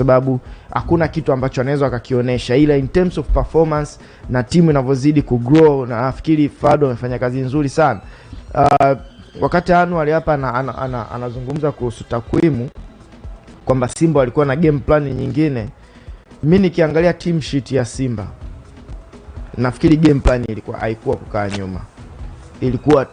sababu hakuna kitu ambacho anaweza akakionyesha, ila in terms of performance na timu inavyozidi kugrow, na nafikiri Fado amefanya kazi nzuri sana. Uh, wakati Anuari hapa anazungumza ana, ana, ana kuhusu takwimu kwamba Simba walikuwa na game plan nyingine, mi nikiangalia team sheet ya Simba nafikiri game plan ilikuwa haikuwa kukaa nyuma, ilikuwa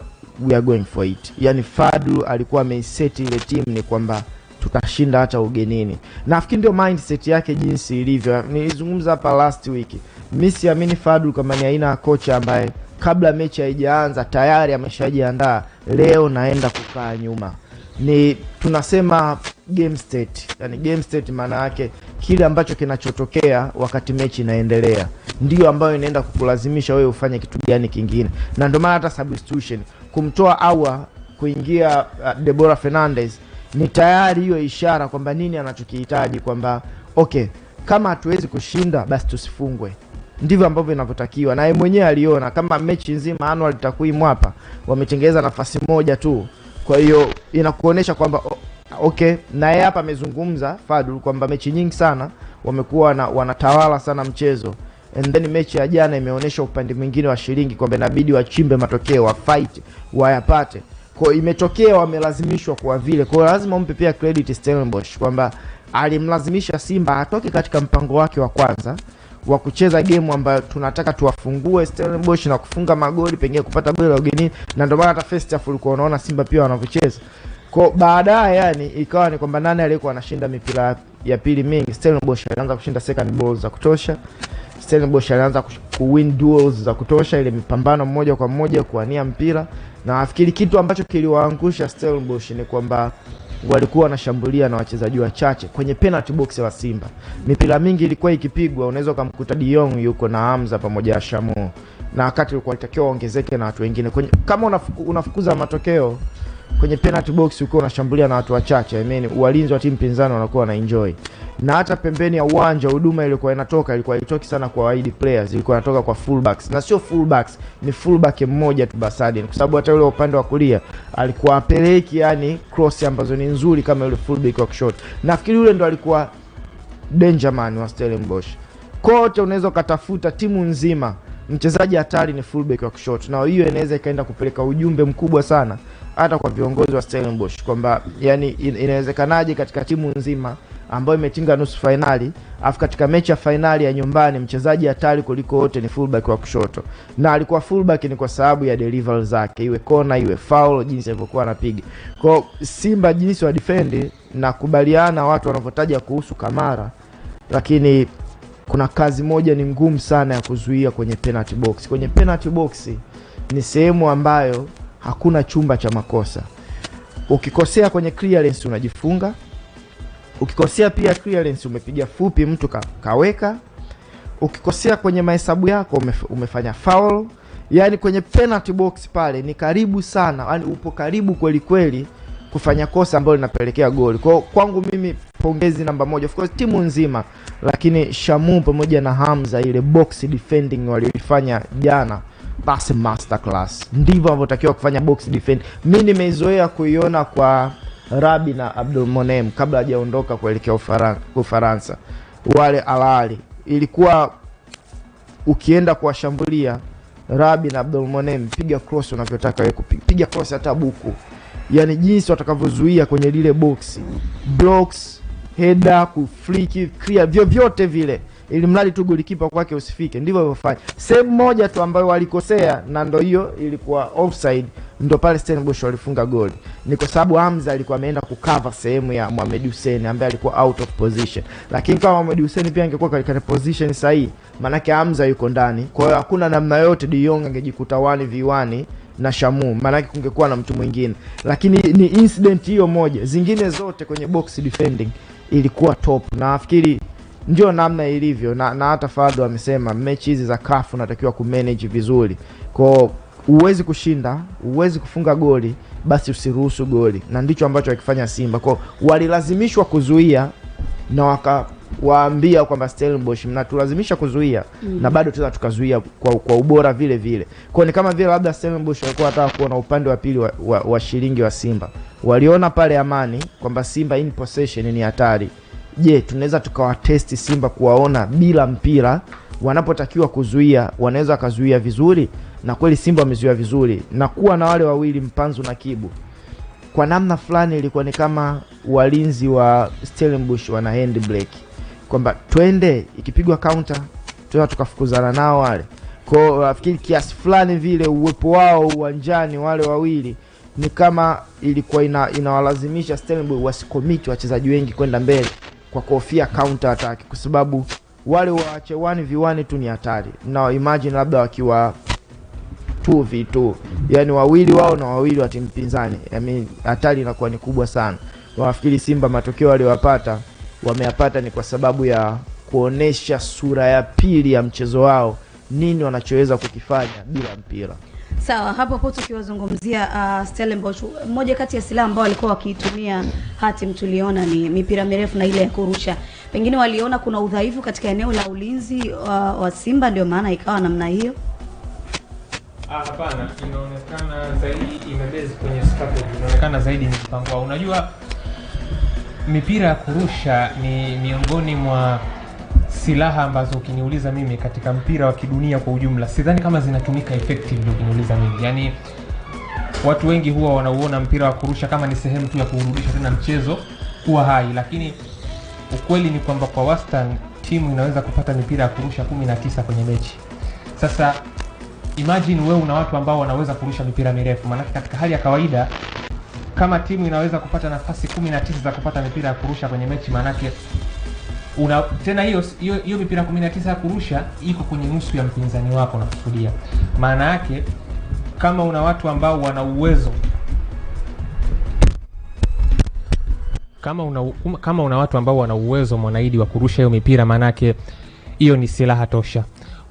we are going for it. yaani Fadlu alikuwa ameiseti ile timu ni kwamba tukashinda hata ugenini. Nafikiri ndio mindset yake jinsi ilivyo. Nilizungumza hapa last week, mimi siamini fadul kama ni aina ya kocha ambaye kabla mechi haijaanza tayari ameshajiandaa, leo naenda kukaa nyuma. Ni tunasema game state, yani game state maana yake kile ambacho kinachotokea wakati mechi inaendelea ndio ambayo inaenda kukulazimisha wewe ufanye kitu gani kingine, na ndio maana hata substitution kumtoa awa kuingia uh, Debora Fernandez ni tayari hiyo ishara kwamba nini anachokihitaji kwamba okay, kama hatuwezi kushinda basi tusifungwe. Ndivyo ambavyo inavyotakiwa, naye mwenyewe aliona kama mechi nzima anual takwimu hapa wametengeneza nafasi moja tu, kwa hiyo inakuonyesha kwamba okay, naye hapa amezungumza Fadul kwamba mechi nyingi sana wamekuwa na, wanatawala sana mchezo and then mechi ya jana imeonyesha upande mwingine wa shilingi kwamba inabidi wachimbe matokeo wa fight wayapate. Kwa imetokea wamelazimishwa kwa vile. Kwa lazima umpe pia credit Stellenbosch kwamba alimlazimisha Simba atoke katika mpango wake wa kwanza wa kucheza game ambayo tunataka tuwafungue Stellenbosch na kufunga magoli pengine kupata goli la ugenini, na ndio maana hata first half ulikuwa unaona Simba pia wanavyocheza. Kwa baadaye, yani ikawa ni kwamba nani aliyekuwa anashinda mipira ya pili mingi, Stellenbosch alianza kushinda second balls za kutosha. Stellenbosch alianza kuwin duels za kutosha, ile mipambano moja kwa moja kuania mpira, na nafikiri kitu ambacho kiliwaangusha Stellenbosch ni kwamba walikuwa wanashambulia na wachezaji wachache kwenye penalty box wa Simba. Mipira mingi ilikuwa ikipigwa, unaweza ukamkuta Diong yuko na Hamza pamoja na Shamu, na wakati ulikuwa itakiwa waongezeke na watu wengine kwenye, kama unafuku, unafukuza matokeo kwenye penalty box ukiwa unashambulia na watu wachache, I mean walinzi wa timu pinzani wanakuwa na enjoy, na hata pembeni ya uwanja huduma ilikuwa inatoka, ilikuwa haitoki sana kwa wide players, ilikuwa inatoka kwa fullbacks, na sio fullbacks, ni fullback mmoja tu Basadien, kwa sababu hata yule upande wa kulia alikuwa apeleki yani cross ambazo ni nzuri kama yule fullback wa kushoto. Nafikiri yule ndo alikuwa danger man wa Stellenbosch. Kote unaweza ukatafuta timu nzima mchezaji hatari ni fullback wa kushoto, na hiyo inaweza ikaenda kupeleka ujumbe mkubwa sana hata kwa viongozi wa Stellenbosch kwamba yani, inawezekanaje katika timu nzima ambayo imetinga nusu fainali afu katika mechi ya fainali ya nyumbani mchezaji hatari kuliko wote ni fullback wa kushoto, na alikuwa fullback ni kwa sababu ya delivery zake, iwe kona iwe foul, jinsi alivyokuwa anapiga kwa Simba, jinsi wa defend na kubaliana watu wanavyotaja kuhusu Kamara, lakini kuna kazi moja ni ngumu sana ya kuzuia kwenye penalty box. Kwenye penalty box ni sehemu ambayo hakuna chumba cha makosa. Ukikosea kwenye clearance unajifunga. Ukikosea pia clearance, umepiga fupi mtu ka, kaweka. Ukikosea kwenye mahesabu yako umef, umefanya foul, yaani kwenye penalty box pale ni karibu sana, yaani upo karibu kweli kweli kufanya kosa ambalo linapelekea goli. Kwa kwangu mimi pongezi namba moja, of course timu nzima, lakini Shamu pamoja na Hamza ile box defending walioifanya jana basi masterclass. Ndivyo anavyotakiwa kufanya box defend. Mi nimezoea kuiona kwa Rabi na Abdul Monem kabla hajaondoka kuelekea Ufaransa, wale alali ilikuwa ukienda kuwashambulia Rabi na Abdul Monem, piga cross unavyotaka wewe kupiga, piga cross hata buku, yani jinsi watakavyozuia kwenye lile box blocks, header, kufriki, clear, vyovyote vile ili mradi tu golikipa kwake usifike. Ndivyo alivyofanya. Sehemu moja tu ambayo walikosea na ndo hiyo ilikuwa offside, ndo pale Stellenbosch walifunga goli. Ni kwa sababu Hamza alikuwa ameenda kukava sehemu ya Mohamed Hussein ambaye alikuwa out of position, lakini kama Mohamed Hussein pia angekuwa katika position sahihi, maanake Hamza yuko ndani, kwa hiyo hakuna namna yote De Jong angejikuta wani viwani na Shamu maanake kungekuwa na mtu mwingine, lakini ni incident hiyo moja. Zingine zote kwenye box defending ilikuwa top, na nafikiri ndio namna ilivyo na, na hata Fadlu amesema mechi hizi za kafu unatakiwa kumanage vizuri kwao huwezi kushinda, huwezi kufunga goli, basi usiruhusu goli, na ndicho ambacho wakifanya Simba. Kwao walilazimishwa kuzuia na wakawaambia kwamba Stellenbosch, mnatulazimisha kuzuia mm. na bado tunaweza tukazuia kwa, kwa ubora vile vile. Kwao ni kama vile labda Stellenbosch walikuwa wanataka kuona upande wa pili wa, wa, wa shilingi wa Simba. Waliona pale Amani kwamba Simba in possession ni hatari je, tunaweza tukawatesti Simba kuwaona bila mpira wanapotakiwa kuzuia wanaweza wakazuia vizuri, na kweli Simba wamezuia vizuri, na kuwa na wale wawili Mpanzu na Kibu kwa namna fulani ilikuwa ni kama walinzi wa Stellenbosch wana hand break kwamba twende, ikipigwa counter tunaweza tukafukuzana nao wale. Kwa nafikiri kiasi fulani vile uwepo wao uwanjani wale wawili ni kama ilikuwa inawalazimisha ina Stellenbosch wasikomiti wachezaji wengi kwenda mbele kwa kuhofia counter attack, kwa sababu wale waache 1v1 tu ni hatari. Na imagine labda wakiwa 2v2, yani wawili wao na wawili wa timu pinzani, I mean hatari inakuwa ni kubwa sana. Wafikiri Simba matokeo waliyopata wameyapata ni kwa sababu ya kuonesha sura ya pili ya mchezo wao, nini wanachoweza kukifanya bila mpira. Sawa, hapo hapo tukiwazungumzia uh, Stellenbosch, mmoja kati ya silaha ambao walikuwa wakiitumia hatim, tuliona ni mipira mirefu na ile ya kurusha. Pengine waliona kuna udhaifu katika eneo la ulinzi uh, wa Simba, ndio maana ikawa namna hiyo. Ah, hapana, inaonekana zaidi imebezi kwenye strategy, inaonekana zaidi ni mpango. Unajua mipira ya kurusha ni miongoni mwa silaha ambazo ukiniuliza mimi katika mpira wa kidunia kwa ujumla sidhani kama zinatumika effectively ukiniuliza mimi yani watu wengi huwa wanauona mpira wa kurusha kama ni sehemu tu ya kurudisha tena mchezo kuwa hai lakini ukweli ni kwamba kwa wastan timu inaweza kupata mipira ya kurusha 19 kwenye mechi sasa imagine wewe una watu ambao wanaweza kurusha mipira mirefu maanake katika hali ya kawaida kama timu inaweza kupata nafasi 19 za kupata mipira ya kurusha kwenye mechi maanake una tena hiyo hiyo hiyo mipira 19 ya kurusha iko kwenye nusu ya mpinzani wako nakusudia. Maana yake kama una watu ambao wana uwezo kama una, kama una watu ambao wana uwezo Mwanaidi wa kurusha hiyo mipira, maanake hiyo ni silaha tosha.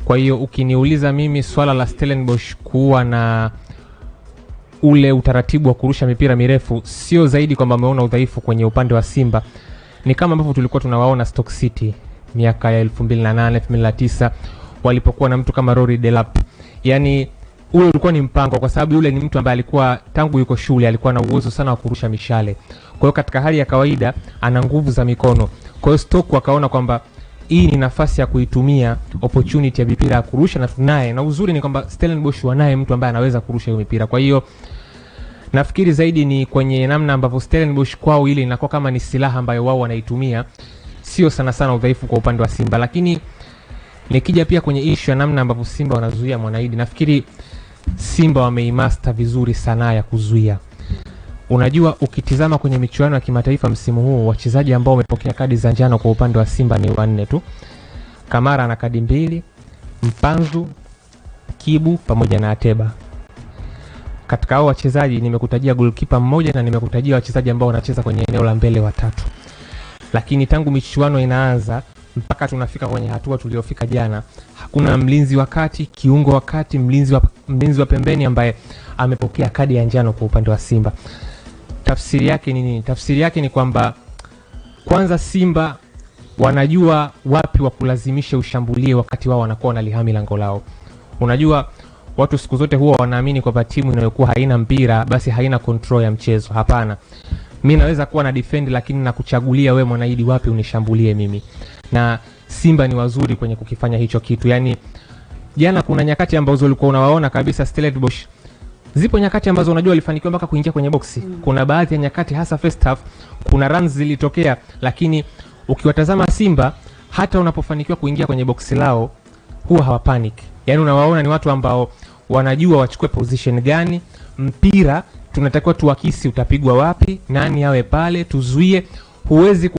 Kwa hiyo ukiniuliza mimi, swala la Stellenbosch kuwa na ule utaratibu wa kurusha mipira mirefu sio zaidi kwamba ameona udhaifu kwenye upande wa Simba ni kama ambavyo tulikuwa tunawaona Stock City miaka ya 2008 2009 walipokuwa na mtu kama Rory Delap. Yaani ule ulikuwa ni mpango kwa sababu yule ni mtu ambaye alikuwa tangu yuko shule alikuwa na uwezo sana wa kurusha mishale. Kwa hiyo katika hali ya kawaida ana nguvu za mikono. Kwa hiyo Stock wakaona kwamba hii ni nafasi ya kuitumia opportunity ya mipira ya kurusha na tunaye, na uzuri ni kwamba Stellenbosch wanaye mtu ambaye anaweza kurusha hiyo mipira. Kwa hiyo Nafikiri zaidi ni kwenye namna ambavyo Stellenbosch kwao ile inakuwa kama ni silaha ambayo wao wanaitumia, sio sana sana udhaifu kwa upande wa Simba. Lakini nikija pia kwenye issue ya namna ambavyo Simba wanazuia Mwanaidi, nafikiri Simba wameimaster vizuri sanaa ya kuzuia. Unajua, ukitizama kwenye michuano ya kimataifa msimu huu, wachezaji ambao wamepokea kadi za njano kwa upande wa Simba ni wanne tu. Kamara ana kadi mbili, Mpanzu, Kibu pamoja na Ateba katika hao wachezaji nimekutajia goalkeeper mmoja na nimekutajia wachezaji ambao wanacheza kwenye eneo la mbele watatu, lakini tangu michuano inaanza mpaka tunafika kwenye hatua tuliofika jana, hakuna mlinzi wa kati, kiungo wa kati, mlinzi wa, mlinzi wa pembeni ambaye amepokea kadi ya njano kwa upande wa Simba. Tafsiri yake ni nini? Tafsiri yake ni kwamba kwanza, Simba wanajua wapi wakulazimishe ushambulie wakati wao wanakuwa wanalihami lango lao. Unajua watu siku zote huwa wanaamini kwamba timu inayokuwa haina mpira basi haina control ya mchezo. Hapana, mi naweza kuwa na defend, lakini nakuchagulia wewe Mwanaidi wapi unishambulie mimi, na Simba ni wazuri kwenye kukifanya hicho kitu. Yani jana kuna nyakati ambazo ulikuwa unawaona kabisa Stellenbosch zipo nyakati ambazo unajua walifanikiwa mpaka kuingia kwenye boksi. Mm. Kuna baadhi ya nyakati hasa first half, kuna runs zilitokea, lakini ukiwatazama Simba hata unapofanikiwa kuingia kwenye boksi lao huwa hawapanic. Yani unawaona ni watu ambao wanajua wachukue position gani, mpira tunatakiwa tuakisi utapigwa wapi, nani awe pale, tuzuie. Huwezi